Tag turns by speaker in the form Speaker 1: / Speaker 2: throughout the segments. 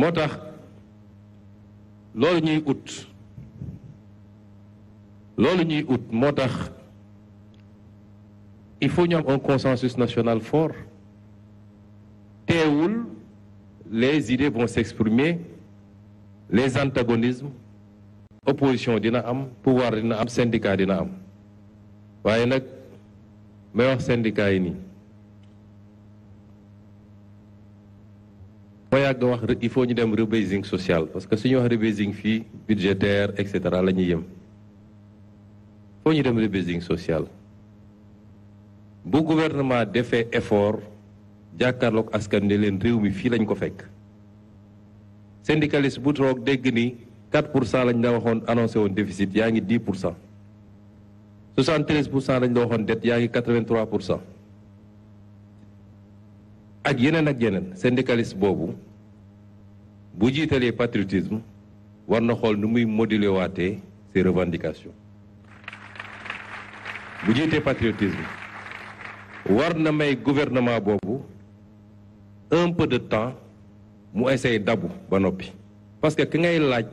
Speaker 1: moo tax loolu ñuy ut loolu ñuy ut moo tax il faut ñu am un consensus national fort teewul les idées vont s'exprimer les antagonismes opposition dina am pouvoir dina am syndicat dina am waaye nag may wax syndicat yi nii moo yàgg wax rek il faut ñu dem rebasing social parce que su ñu wax rebasing fii budgétaire et cetera la ñuy yëm foo ñu dem rebasing social bu gouvernement defee effort jàkkaarloog askan ne leen réew mi fii lañ ko fekk syndicaliste bu toog dégg ni 4 pour cent lañ la waxoon annoncé woon déficit yaa ngi 10 pour cent 73 pour cent lañ la waxoon dette yaa ngi 83 pour cent ak yeneen ak yeneen syndicaliste boobu bu jiitalee patriotisme war na xool nu muy modile waatee ses revendications bu jiitee patriotisme war na may gouvernement boobu un peu de temps mu essaye dabu ba noppi parce que ki ngay laaj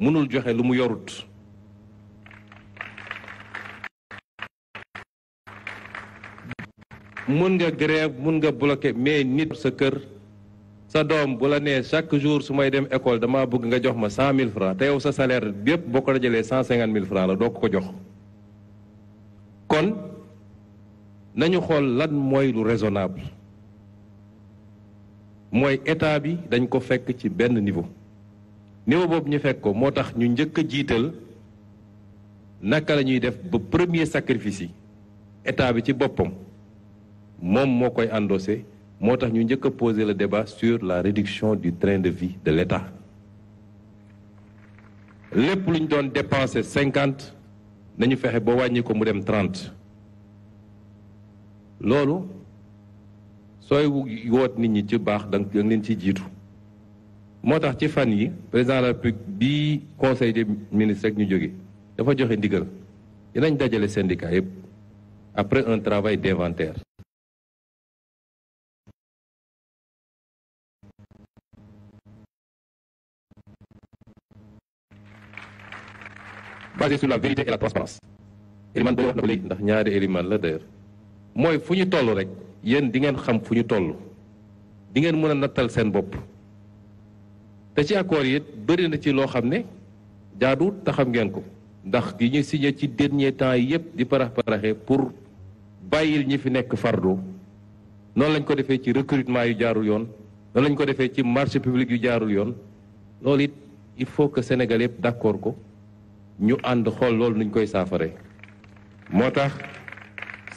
Speaker 1: mënul joxe lu mu yorut mun nga grève mun nga bloquer mais nit sa kër sa doom bu la nee chaque jour su may dem école dama bëgg nga jox ma cent mille francs te yow sa salaire bépp boo ko dajalee cent cinquante mille francs la doo ko jox kon nañu xool lan mooy lu raisonnable mooy état bi dañ ko fekk ci benn niveau niveau boobu ñu fekk ko moo tax ñu njëkk a jiital naka la ñuy def ba premier sacrifice yi état bi ci boppam moom moo koy endossé moo tax ñu njëkk a poser le débat sur la réduction du train de vie de l'État lépp lu doon dépensé cinquante nañu fexe ba wàññi ko mu dem trente loolu sooy woot nit ñi ci baax da nga leen ciy jiitu moo tax ci fan yi président de la République bi conseil des ministres rek ñu jóge dafa joxe ndigal dinañ dajale syndicat yëpp après un travail d'inventaire basé sur la vérité et la transparence Elimane wax na léegi ndax ñaari Elimane la d'ailleurs mooy fu ñu toll rek yéen di ngeen xam fu ñu toll di ngeen mën a nattal seen bopp te ci accord yi bëri na ci loo xam ne jaaduwut taxam ngeen ko ndax gi ñu signé ci dernier temps yépp di parax paraxe pour bàyyil ñi fi nekk fardo noonu lañ ko defee ci recrutement yu jaarul yoon noonu lañ ko defee ci marché public yu jaarul yoon loolu it il faut que Sénégal yëpp d'accord ko ñu ànd xool loolu nuñ koy saafare moo tax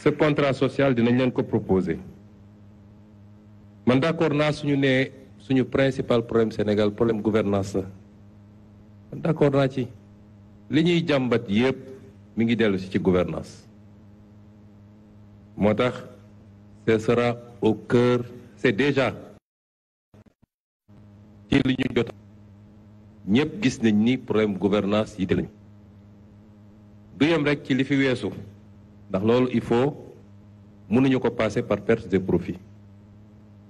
Speaker 1: ce contrat social dinañ leen ko proposer man d'accord naa suñu nee suñu principal problème Sénégal problème gouvernance la man d'accord naa ci li ñuy jàmbat yépp mi ngi dellu si ci gouvernance moo tax ce sera au cœur c'est déjà ci li ñu jot ñépp gis nañ ni problème gouvernance yi lañu du yem rek ci li fi weesu ndax loolu il faut mënuñu ko passer par perte de profit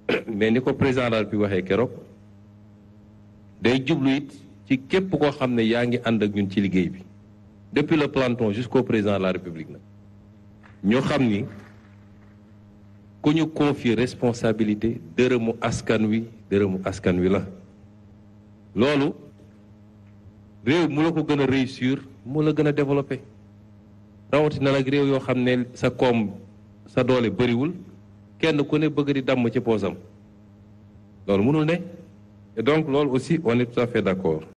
Speaker 1: mais ni ko président daal bi waxee keroog day jublu it ci képp koo xam ne yaa ngi ànd ak ñun ci liggéey bi depuis le planton jusqu'au président la république nag ñu xam ni ku ñu confier responsabilité dërëmu askan wi dërëmu askan wi la loolu réew mu la ko gën a réussir mu la gën a développer rawatina nag réew yoo xam ne sa koom sa doole bëriwul kenn ku ne bëgg di damm ci poosam loolu mënul ne et donc loolu aussi on est tout à fait d'accord